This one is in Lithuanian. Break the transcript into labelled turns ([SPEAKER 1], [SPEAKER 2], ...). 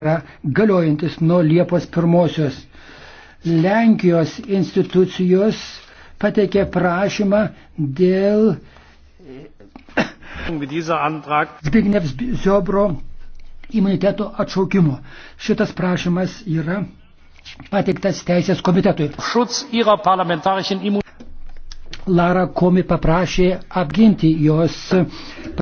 [SPEAKER 1] yra galiojantis nuo Liepos pirmosios. Lenkijos institucijos pateikė prašymą dėl Zbignevs Ziobro imuniteto atšaukimo. Šitas prašymas yra pateiktas Teisės komitetui.
[SPEAKER 2] Lara Komi paprašė apginti jos